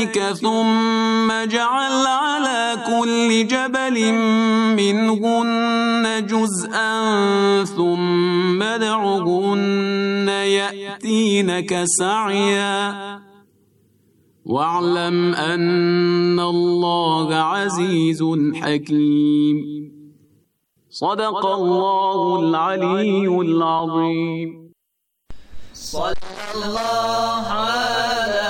ذلك ثم جعل على كل جبل منهن جزءا ثم دعهن يأتينك سعيا واعلم أن الله عزيز حكيم صدق الله العلي العظيم صلى الله على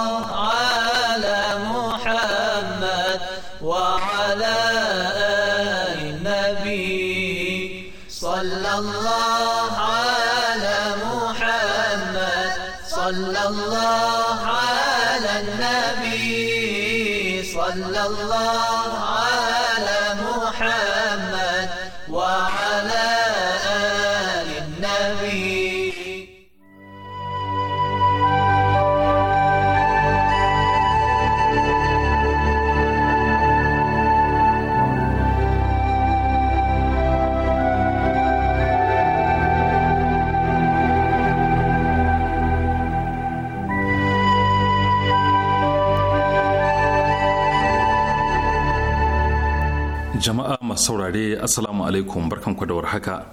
masu saurare assalamu alaikum ku da warhaka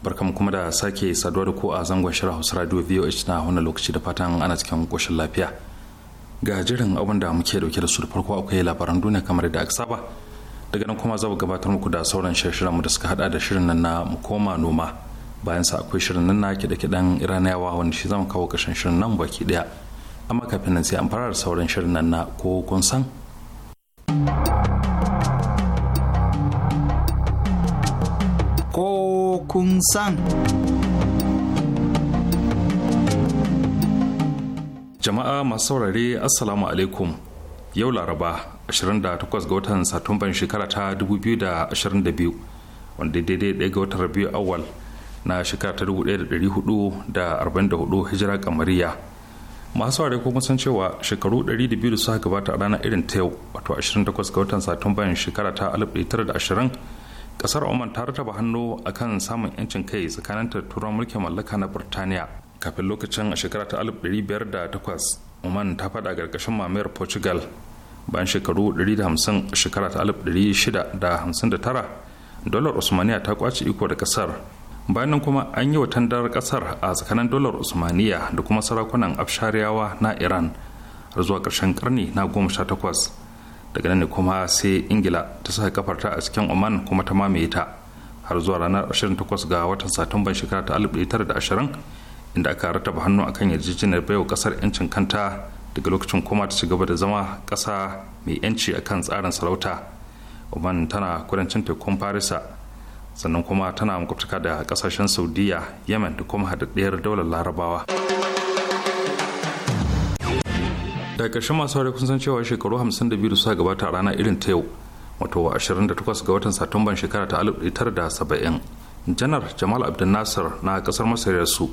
barkan kuma da sake saduwa da ku a zangon shirin hausa radio voh na wannan lokaci da fatan ana cikin koshin lafiya ga jirin abin da muke dauke da su da farko akwai labaran duniya kamar da aka saba daga nan kuma za mu gabatar muku da sauran shirin mu da suka hada da shirin nan na koma noma bayan sa akwai shirin nan na kida kiɗen iraniyawa wanda shi zamu kawo kashin shirin nan baki daya amma kafin nan sai an fara da sauran shirin nan na ko kun san ko kun san. Jama'a masu saurare Assalamu alaikum yau Laraba 28 ga watan Satumban shekara ta 2022 wanda daidai ɗaya ga watan Rabiu awal na shekara ta 1444 hijira kamariya. Masu saurare kuma san cewa shekaru 200 da suka gabata a ranar irin ta yau wato 28 ga watan Satumban shekara ta 1920 kasar oman ta rataba hannu akan samun yancin kai tsakanin turan mulkin mallaka na birtaniya. kafin lokacin a shekara ta 1508 oman ta fada gargashin mamayar portugal bayan shekaru 150 a shekara ta 1659 dolar usmaniya ta kwace iko da kasar bayan kuma an yi watan dar kasar a tsakanin dolar usmaniya da kuma sarakunan afshariyawa na iran har zuwa ƙarshen karni na goma sha takwas. daga nan ne kuma sai ingila ta saka kafarta a cikin oman kuma ta mamaye ta har zuwa ranar 28 ga watan satumban shekara ta 1920 inda aka rataba hannu akan yarjejeniyar baiwa kasar yancin kanta daga lokacin kuma ta ci gaba da zama kasa mai yanci akan tsarin sarauta oman tana kudancin tekun farisa sannan kuma tana makwabtaka da kasashen saudiya yemen da kuma haɗaɗɗiyar daular larabawa. daga ƙarshen masu haure kun san cewa shekaru 52 da suka gabata a rana irin ta yau wato 28 ga watan satumban shekara ta 1970 janar jamal abdul nasir na kasar masar ya su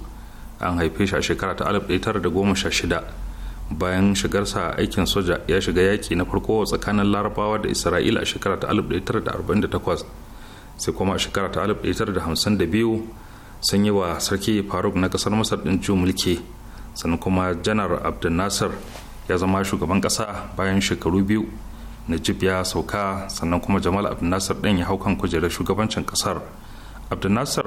an haife shi a shekara ta 1916 bayan shigarsa aikin soja ya shiga yaki na farko tsakanin larabawa da isra'ila a shekara ta 1948 sai kuma a shekara ta 1952 sun yi wa sarki faruk na kasar masar din mulki sannan kuma janar abdul nasir ya zama shugaban kasa bayan shekaru biyu najib ya sauka sannan kuma jamal nasar ɗin ya hau kan kujerar shugabancin ƙasar nasar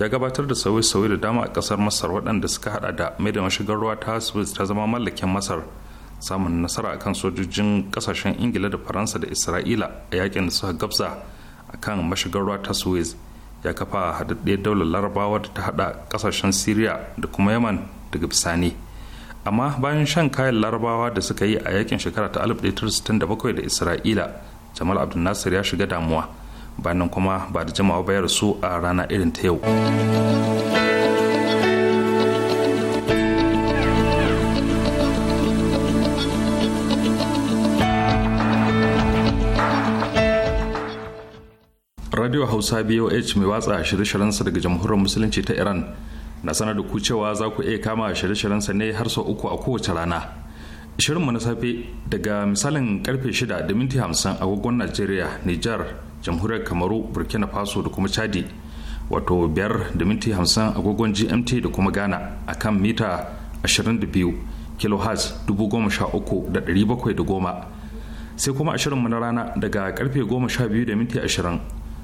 ya gabatar da sauye-sauye da dama a kasar masar waɗanda suka hada da mai da mashigar ruwa ta swiss ta zama mallakin masar samun nasara akan sojojin kasashen ingila da faransa da isra'ila a yakin da suka gabza akan mashigar ruwa ta swiss ya kafa haɗaɗɗe daular larabawa da ta haɗa kasashen syria da kuma yaman daga bisani amma bayan shan kayan larabawa da suka yi a yakin shekara ta 1967 da isra'ila jamal abdul nasir ya shiga damuwa bayan kuma ba da jimawa bayar su a rana irin ta yau radio hausa boh mai watsa shirye-shiryensa daga jamhuriyar musulunci ta iran na sanar da ku cewa za ku iya kama shirye-shiryen sa ne har sau uku a kowace rana mu na safe daga misalin karfe shida da minti agogon najeriya nijar jamhuriyar kamaru burkina faso da kuma chadi wato biyar da minti agogon gmt da kuma ghana a kan mita 22 kilohertz 13710 sai kuma a mu na rana daga karfe biyu da minti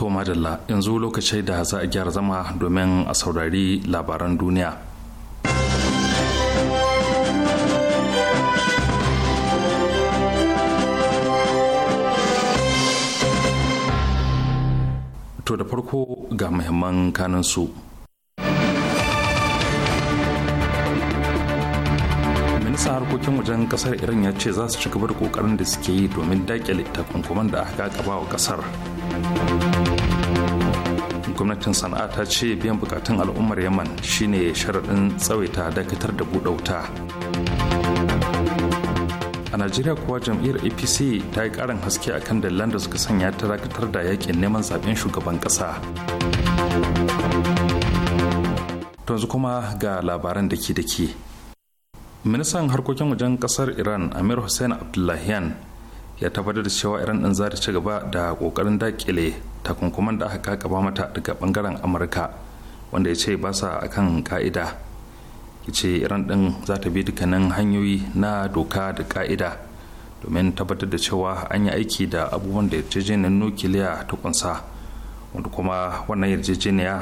To madalla yanzu lokacin da za a gyara zama domin a saurari labaran duniya. To da farko ga muhimman su Ministan harkokin wajen kasar Iran ya ce za su ci gaba da kokarin da suke yi domin dakile takunkuman da aka kaba wa kasar. gwamnatin sana'a ta ce biyan bukatun al'ummar yaman shine sharaɗin tsawaita dakatar da buɗe wuta a najeriya kuwa jam'iyyar apc ta yi ƙarin haske akan dalilan da suka sanya ta dakatar da yakin neman zaɓen shugaban ƙasa yanzu kuma ga labaran da ke da ke ministan harkokin wajen ƙasar iran amir hussein abdullahian ya tabbatar da cewa iran ɗin za ta ci gaba da ƙoƙarin dakile takunkuman da aka kakaba mata daga bangaren amurka wanda ya ce ba sa akan ka'ida ya ce iran din za ta bi dukkanin hanyoyi na doka da ka'ida domin tabbatar da cewa an yi aiki da abubuwan da yarjejeniyar nukiliya ta kunsa wanda kuma wannan yarjejeniya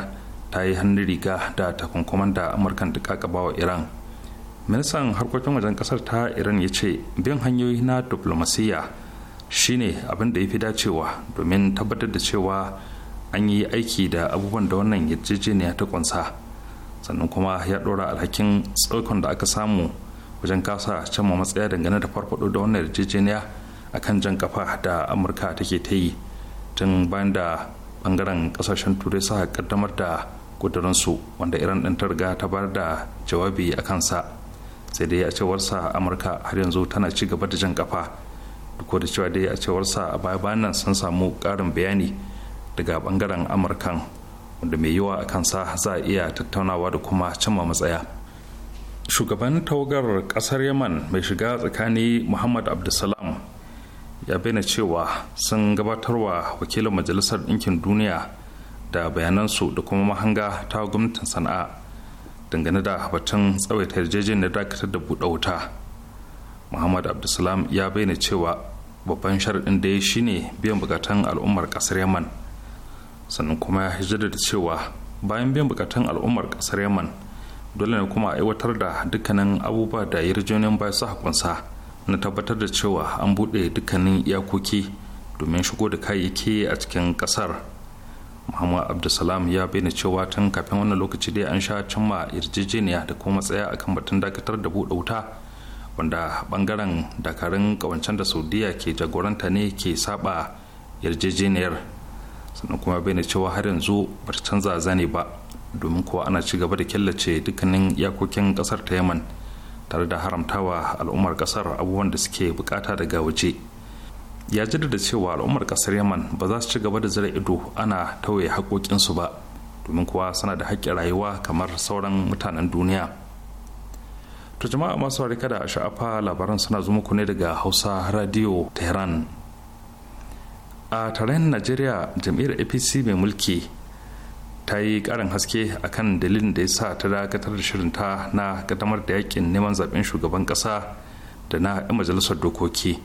ta yi hannun riga da takunkuman da amurkan da kakaba wa iran ministan harkokin wajen kasar ta iran ya ce bin hanyoyi na diplomasiyya shine abin da ya fi dacewa domin tabbatar da cewa an yi aiki da abubuwan da wannan yarjejeniya ta kunsa sannan kuma ya ɗora alhakin tsaukon da aka samu wajen kasa cimma matsaya dangane da farfado da wannan yarjejeniya a kan jan kafa da amurka take ta yi tun bayan da bangaren kasashen turai suka kaddamar da kudurinsu wanda iran ɗin ta riga ta bar da jawabi a kansa sai dai a cewarsa amurka har yanzu tana ci gaba da jan kafa duk da cewa dai a cewarsa a baya bayan nan sun samu karin bayani daga bangaren amurkan wanda mai yiwa a kansa za a iya tattaunawa da kuma cimma matsaya shugaban tawagar kasar yaman mai shiga tsakani muhammad abdulsalam ya bayyana cewa sun gabatarwa wakilin majalisar ɗinkin duniya da bayanansu da kuma mahanga ta gwamnatin sana'a dangane da batun tsawaita yarjejeniyar dakatar da buɗe wuta muhammad abdulsalam ya bayyana cewa babban sharaɗin da ya shine biyan bukatan al'ummar ƙasar yaman sannan kuma ya jaddada cewa bayan biyan bukatan al'ummar ƙasar yaman dole ne kuma a aiwatar da dukkanin abubuwa da yarjejeniyar bayan su hakunsa na tabbatar da cewa an buɗe dukkanin iyakoki domin shigo da kayayyaki a cikin ƙasar muhammad abdulsalam ya bayyana cewa tun kafin wannan lokaci dai an sha cimma yarjejeniya da kuma tsaya akan batun dakatar da buɗe wuta wanda bangaren dakarun kawancen da saudiya ke jagoranta ne ke saba yarjejeniyar sannan kuma bai na cewa har yanzu ba ta canza zane ba domin kuwa ana ci gaba da killace dukkanin iyakokin kasar ta yaman tare da haramtawa al'ummar kasar abubuwan da suke bukata daga waje ya da cewa al'ummar kasar yaman ba za su ci gaba da zira ido ana tauye haƙoƙinsu ba domin kuwa suna da haƙƙin rayuwa kamar sauran mutanen duniya to jama'a masu harika da sha'afa labaran suna zo muku ne daga hausa radio tehran a tarayyar najeriya jam'iyyar apc mai mulki ta yi karin haske kan dalilin da ya sa ta dakatar da shirinta na kaddamar da yakin neman zaben shugaban kasa da na 'yan majalisar dokoki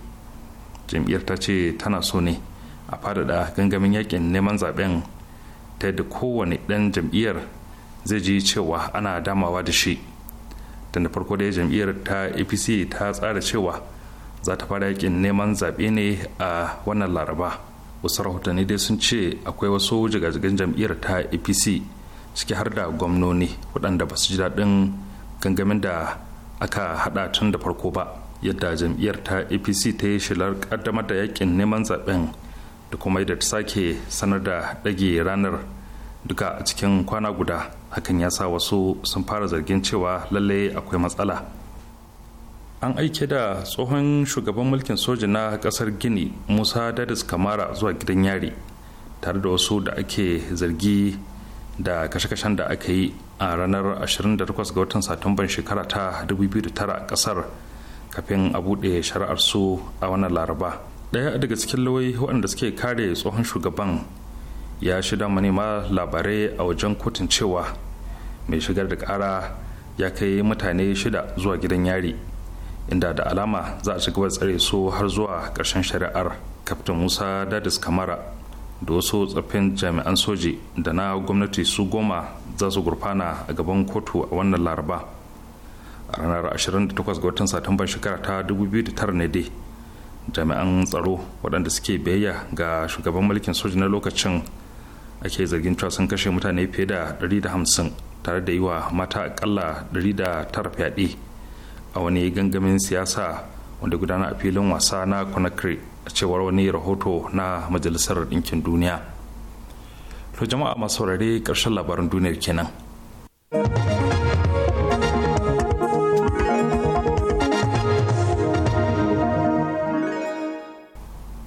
jam'iyyar ta ce tana so ne a fadada gangamin yakin neman zaben ta yadda kowane ɗan jam'iyyar zai ji cewa ana damawa da shi tunda farko dai jam'iyyar ta apc ta tsara cewa za ta fara yakin neman zaɓe ne a wannan laraba wasu rahotanni dai sun ce akwai wasu jigajigan jam'iyyar ta apc ciki har da gwamnoni waɗanda ba su ji daɗin gangamin da aka haɗa tun da farko ba yadda jam'iyyar ta apc ta yi shilar ƙaddamar da yakin neman zaɓen da kuma yadda ta sake sanar da ɗage ranar duka a cikin kwana guda hakan ya sa wasu sun fara zargin cewa lallai akwai matsala an aike da tsohon shugaban mulkin soja na kasar gini musa dadis kamara zuwa gidan yari tare da wasu da ake zargi da kashe-kashen da aka yi a ranar 28 ga watan satumban shekara ta 2009 a kasar kafin a bude shari'ar su a wannan laraba daya daga cikin lauyi waɗanda suke kare tsohon shugaban ya shida manema labarai a wajen kotun cewa mai shigar da kara ya kai mutane shida zuwa gidan yari inda da alama za a ci gaba tsare su har zuwa ƙarshen shari'ar kaftin musa dadis kamara da wasu tsaffin jami'an soji da na gwamnati su goma za su gurfana a gaban kotu a wannan laraba a ranar 28 ga watan satumban shekara ta 2009 ne dai jami'an tsaro waɗanda suke biyayya ga shugaban mulkin soji na lokacin ake zargin cewa sun kashe mutane fiye da 150 tare da yi wa mata akalla 109 fyaɗe a wani gangamin siyasa wanda gudana a filin wasa na conakry a cewar wani rahoto na majalisar ɗinkin duniya to jama'a masu saurare ƙarshen labaran duniyar kenan.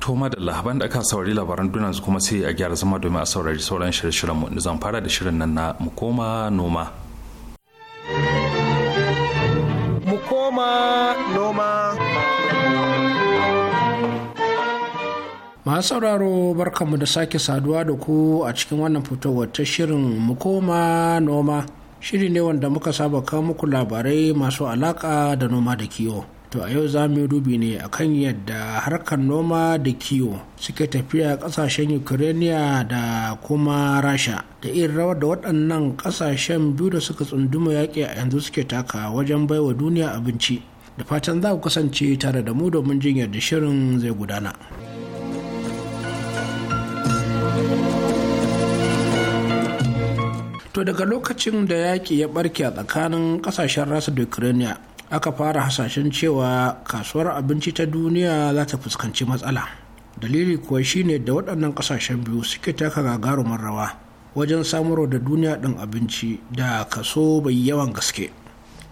koma da labaran da aka saurari labaran duniya su kuma sai a gyara zama domin a saurari sauran shirye-shiryen mu zan fara da shirin nan na mu koma noma. Mu koma noma. Masu sauraro barkanmu da sake saduwa da ku a cikin wannan fitowar ta shirin mu koma noma. Shiri ne wanda muka saba kawo muku labarai masu alaka da noma da kiwo. to a yau za mu yi dubi ne akan yadda harkar noma da kiwo suke tafiya kasashen ukraine da kuma rasha da irin rawar da waɗannan kasashen biyu da suka tsunduma yaƙi a yanzu suke taka wajen baiwa duniya abinci da fatan za ku kasance tare da mu domin jin yadda shirin zai gudana. To daga lokacin da yaƙi ya barke a tsakanin kasashen Rasha da Ukraine aka fara hasashen cewa kasuwar abinci ta duniya za ta fuskanci matsala dalili kuwa shine da waɗannan ƙasashen biyu suke taka gagarumin rawa wajen samarwa da duniya ɗin abinci da kaso bai yawan gaske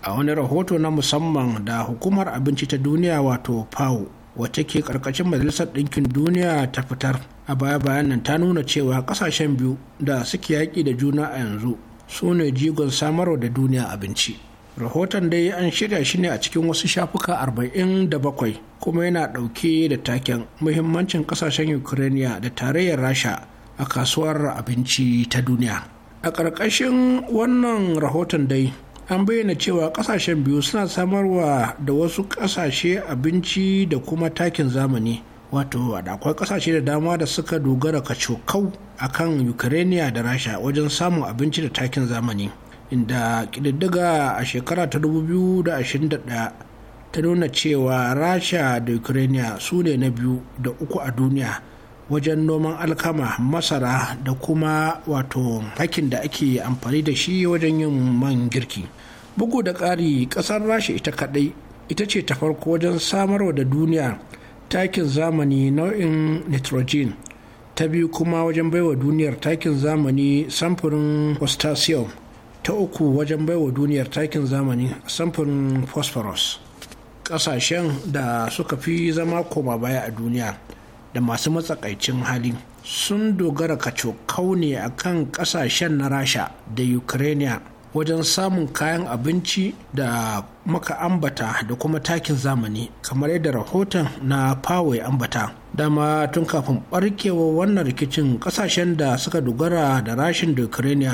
a wani rahoto na musamman da hukumar abinci ta duniya wato fao wacce ke karkashin majalisar ɗinkin duniya ta fitar a baya bayan nan ta nuna cewa ƙasashen biyu da suke yaƙi da juna a yanzu su ne jigon samarwa da duniya abinci rahoton dai an shirya shi ne a cikin wasu shafuka 47 kuma yana ɗauke da taken muhimmancin ƙasashen ukraine da tarayyar rasha a kasuwar abinci ta duniya a ƙarƙashin wannan rahoton dai an bayyana cewa ƙasashen biyu suna samarwa da wasu ƙasashe abinci da kuma takin zamani wato da akwai ƙasashe da dama da suka dogara kacokau a kan ukraine da rasha wajen samun abinci da takin zamani inda ƙididdiga a shekara ta 2021 ta nuna cewa rasha da ukraine su ne na biyu da uku a duniya wajen noman alkama masara da kuma wato hakin da ake amfani da shi wajen yin man girki bugu da ƙari ƙasar rasha ita kaɗai ita ce ta farko wajen samarwa da duniya takin zamani nau'in nitrogen ta biyu kuma wajen baiwa duniyar takin zamani samfurin potassium ta uku wajen baiwa duniyar takin zamani samfurin phosphorus ƙasashen da suka fi zama koma baya a duniya da masu matsakaicin hali sun dogara kacokau ne a kan ƙasashen na rasha da ukraine wajen samun kayan abinci da maka ambata da kuma takin zamani kamar yadda rahoton na fawai ambata dama tun kafin barkewa wannan rikicin kasashen da suka dogara da rashin da ukraine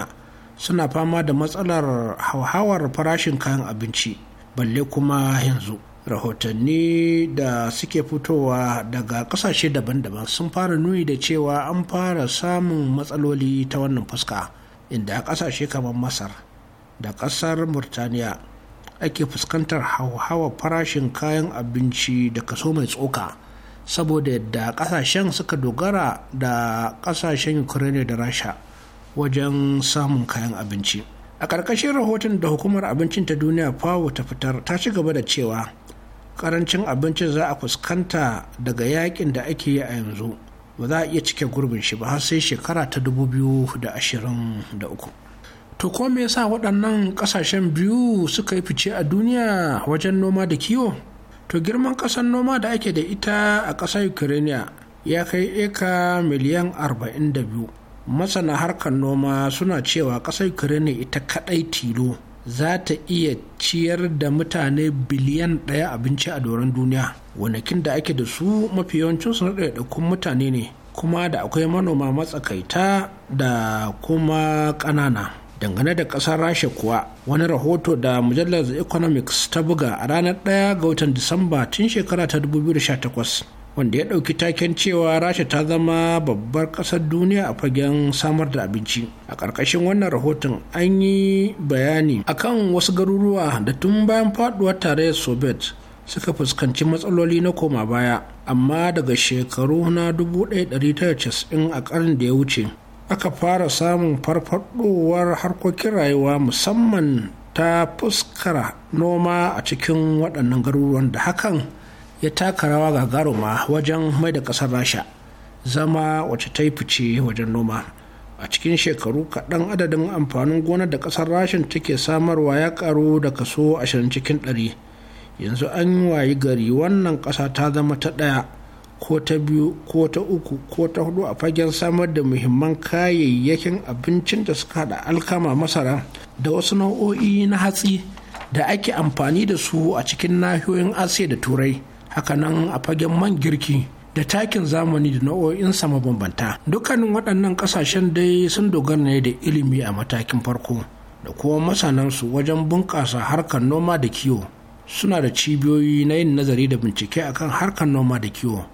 suna fama da matsalar hauhawar farashin kayan abinci balle kuma yanzu rahotanni da suke fitowa daga kasashe daban-daban sun fara nuni da cewa an fara samun matsaloli ta wannan fuska inda kasashe kamar masar da kasar murtaniya ake fuskantar hauhawa farashin kayan abinci da kaso mai tsoka saboda yadda kasashen suka dogara da kasashen ukraine da rasha wajen samun kayan abinci a ƙarƙashin rahoton da hukumar abincin ta duniya fawo ta fitar ta ci gaba da cewa ƙarancin abinci za a fuskanta daga yakin da ake yi a yanzu ba za a iya cike gurbin shi ba har sai shekara ta dubu biyu da da ashirin uku. to ko me yasa waɗannan ƙasashen biyu suka yi fice a duniya wajen noma da kiwo to girman ƙasar noma da ake da ita a ƙasar ukraine ya kai eka miliyan arba'in da biyu. masana harkar noma suna cewa ƙasar ukraine ita kaɗai tilo za ta iya ciyar da mutane biliyan ɗaya abinci a doron duniya wanakin da ake da su mafi yawancin na ɗaiɗaikun mutane ne kuma da akwai manoma matsakaita da kuma ƙanana dangane da ƙasar rasha kuwa wani rahoto da mujallar the economics ta buga a ranar 1 ga watan disamba tun shekara ta 2018 wanda ya ɗauki taken cewa rasha ta zama babbar ƙasar duniya a fagen samar da abinci a ƙarƙashin wannan rahoton an yi bayani akan wasu garuruwa da tun bayan faɗuwar tarayyar soviet suka fuskanci matsaloli na koma baya amma daga shekaru na 1990 a ƙarin da ya wuce aka fara samun farfaɗowar harkokin rayuwa musamman ta fuskara noma a cikin waɗannan garuruwan da hakan ya taka rawa gagaruma wajen mai da ƙasar rasha zama wacce ta yi fice wajen noma a cikin shekaru kaɗan adadin amfanin gona da ƙasar rashin take samarwa ya ƙaru da kaso ashirin cikin ɗari. yanzu an wayi gari wannan ƙasa ta zama ta ɗaya ko ta biyu ko ta uku ko ta hudu a fagen samar da muhimman kayayyakin abincin da suka haɗa alkama masara da wasu nau'o'i na hatsi da ake amfani da su a cikin nahiyoyin asiya da turai hakanan a fagen man girki da takin zamani da nau'o'in sama bambanta. dukkanin waɗannan ƙasashen dai sun dogara ne da ilimi a matakin farko da kuma masanansu wajen bunƙasa harkar noma da kiwo suna da cibiyoyi na yin nazari da bincike akan harkar noma da kiwo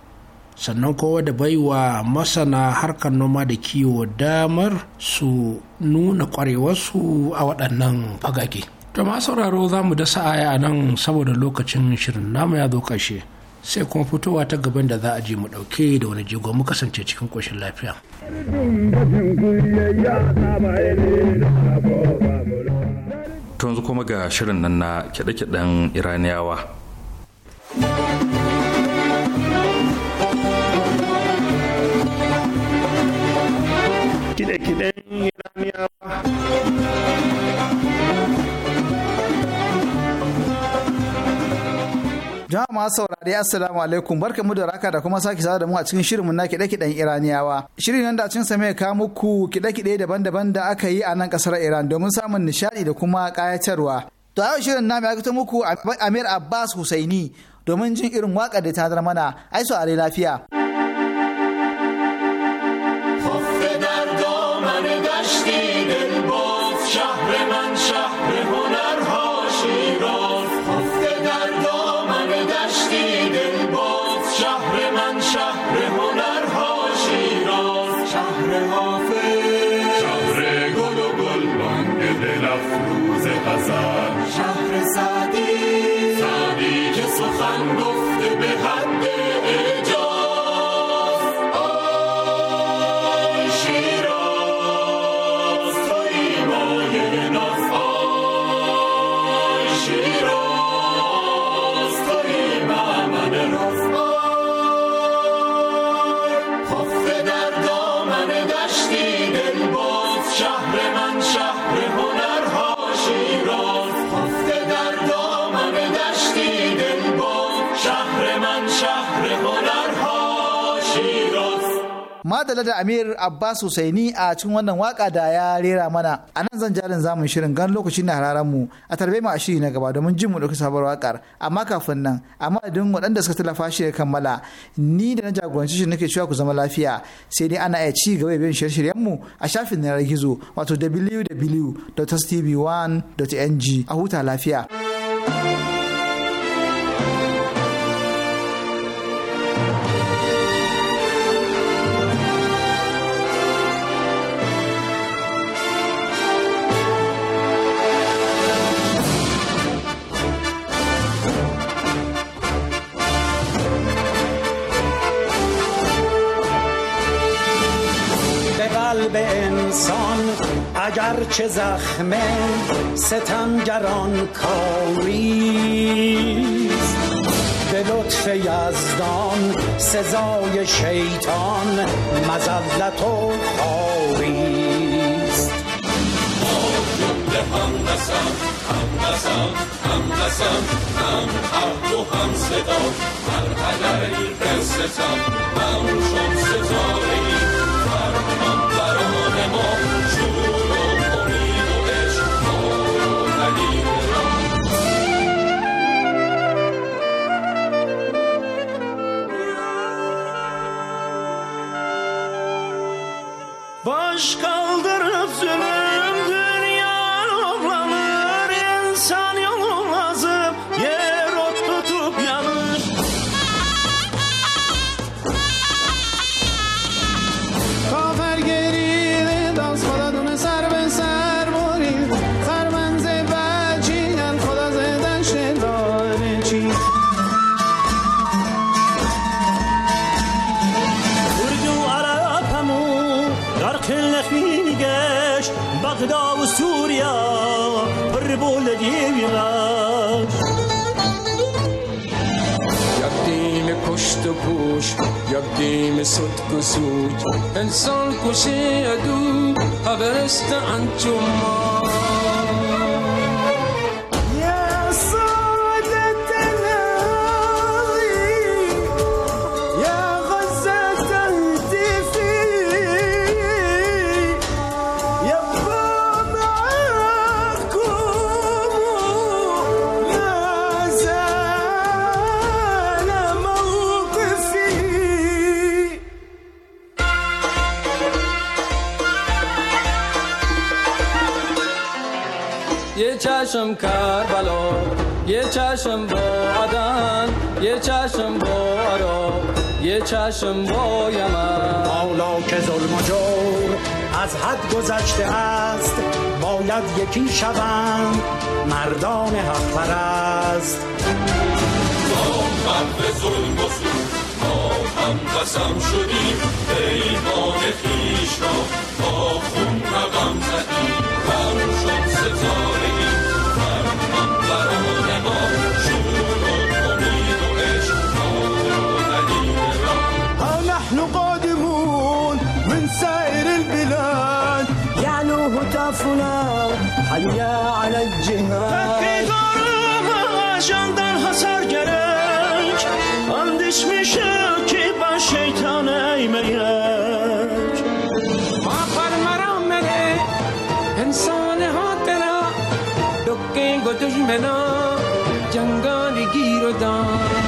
sannan kowa da baiwa masana harkar noma da kiwo damar su nuna ƙwarewarsu a waɗannan fagage. To ma sauraro za mu dasa aya a nan saboda lokacin shirin namu ya zo ƙarshe sai kuma fitowa ta gaban da za a je mu ɗauke da wani jigo mu kasance cikin koshin lafiya. Tun kuma ga shirin nan na kyaɗe-kyaɗen Iraniyawa. dai assalamu alaikum barka mu da raka da kuma sake sada da mu a cikin shirinmu na kiɗe-kiɗen iraniyawa shirin nan da cin sa mai ka muku kiɗe-kiɗe daban-daban da aka yi a nan ƙasar iran domin samun nishaɗi da kuma kayatarwa. to a yau shirin na mai aka muku amir abbas husaini domin jin irin wakar da ta mana ai su lafiya. Oh. tattare da Amir Abbas Husaini a cikin wannan waka da ya rera mana. A nan zan jarin zamun shirin gan lokaci na hararen mu a tarbe mu a shiri na gaba domin jin mu ɗauki sabuwar wakar. Amma kafin nan, a madadin waɗanda suka tallafa shi ya kammala, ni da na jagoranci shi nake cewa ku zama lafiya. Sai dai ana iya ci gaba da bin shirye-shiryen mu a shafin yanar gizo wato www.tv1.ng a huta lafiya. که زخم ستمگران کاریست به لطف یزدان سزای شیطان مزلت و خاری هم نسم هم نسم هم نسم هم حق و هم صدا هر علیه ستم هم شم ستاره پوش دیم صد گسوج انسان کشی ادو هبرست انجمان چشم با عدن یه چشم با عراق یه چشم با یمن مولا که ظلم و جور از حد گذشته است باید یکی شوم مردان حق پرست ما هم ظلم و ما هم قسم شدیم ایمان خیش را با خون رقم زدیم هم ستاره حیا علی الجهاد تکیدارم جاندن حسر گرک اندیش میشه که با شیطان ایمیک ما فرمرم مده انسان ها دلا دکه گو دشمنا جنگانی گیر و دار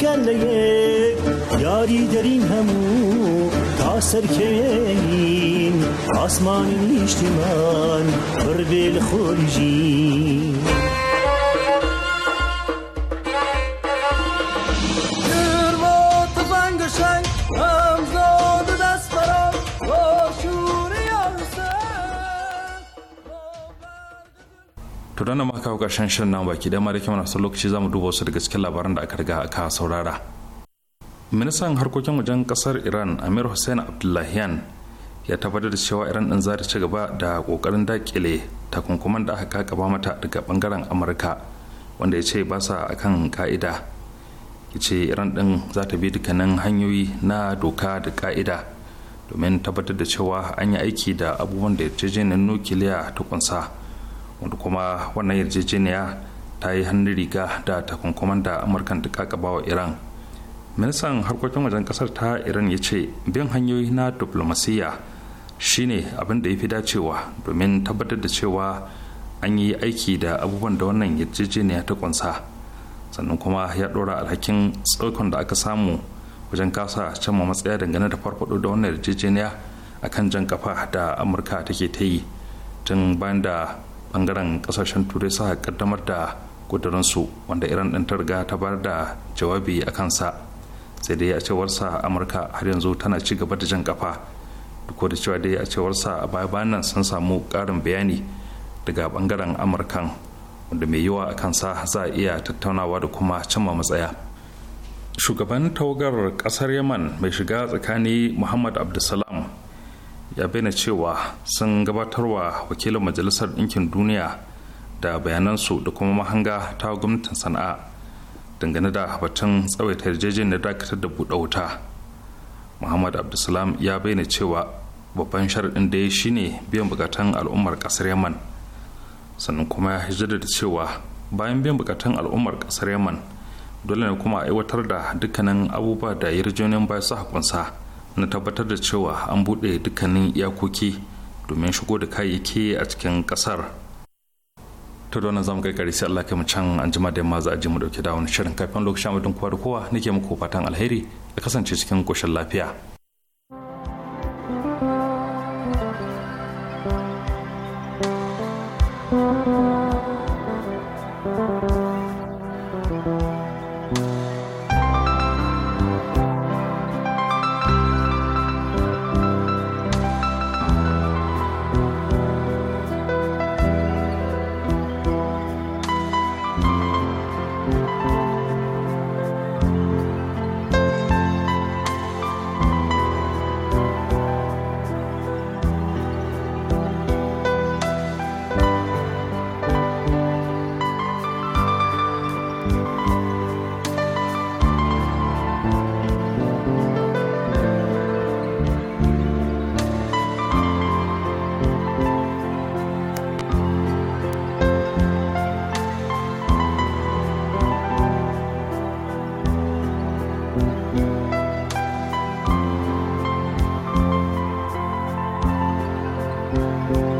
کله یاری درین همو تا سرکین آسمان نیشتی من بر دل خورجین kawo ƙarshen shirin nan baki dama da mana sun lokaci zamu duba wasu daga cikin labaran da aka riga aka saurara ministan harkokin wajen kasar iran amir hussein abdullahian ya tabbatar da cewa iran din za ta ci gaba da kokarin dakile takunkuman da aka kakaba mata daga bangaren amurka wanda ya ce ba sa akan ka'ida ya ce iran din za ta bi dukkanin hanyoyi na doka da ka'ida domin tabbatar da cewa an yi aiki da abubuwan da yarjejeniyar nukiliya ta kunsa wanda kuma wannan yarjejeniya ta yi hannun riga da takunkuman da amurkan ta kakaba wa iran ministan harkokin wajen kasar ta iran ya ce bin hanyoyi na diplomasiyya shine abin da ya fi dacewa domin tabbatar da cewa an yi aiki da abubuwan da wannan yarjejeniya ta kunsa sannan kuma ya dora alhakin tsokon da aka samu wajen kasa cimma matsaya dangane da farfado da wannan yarjejeniya akan jan kafa da amurka take ta yi tun bayan da bangaren kasashen turai sa kaddamar da kudurinsu wanda iran ɗin ta ta bar da jawabi a kansa sai dai a cewarsa amurka har yanzu tana ci gaba da jan kafa duk da cewa dai a cewarsa a baya bayan sun samu ƙarin bayani daga bangaren amurkan wanda mai yiwa a kansa za a iya tattaunawa da kuma cimma matsaya shugaban tawagar kasar yaman mai shiga tsakani muhammad abdulsalam ya bayyana cewa sun gabatarwa wakilin majalisar ɗinkin duniya da bayanansu da kuma mahanga ta gwamnatin sana'a dangane da batun tsawaita yarjejeniyar dakatar da buɗe wuta muhammad abdulsalam ya bayyana cewa babban sharaɗin da ya shine biyan bukatan al'ummar ƙasar yaman sannan kuma ya jaddada da cewa bayan biyan bukatan al'ummar ƙasar yaman dole ne kuma a aiwatar da dukkanin abubuwa da yarjejeniyar bayan su haƙunsa na tabbatar da cewa an buɗe dukkanin iyakoki domin shigo da kayayyaki a cikin ƙasar to da wannan zamu kai gari sai Allah kai mu can an jima da yamma za a je mu dauke da wani shirin kafin lokacin amadun kowa da kowa nake muku fatan alheri a kasance cikin koshin lafiya you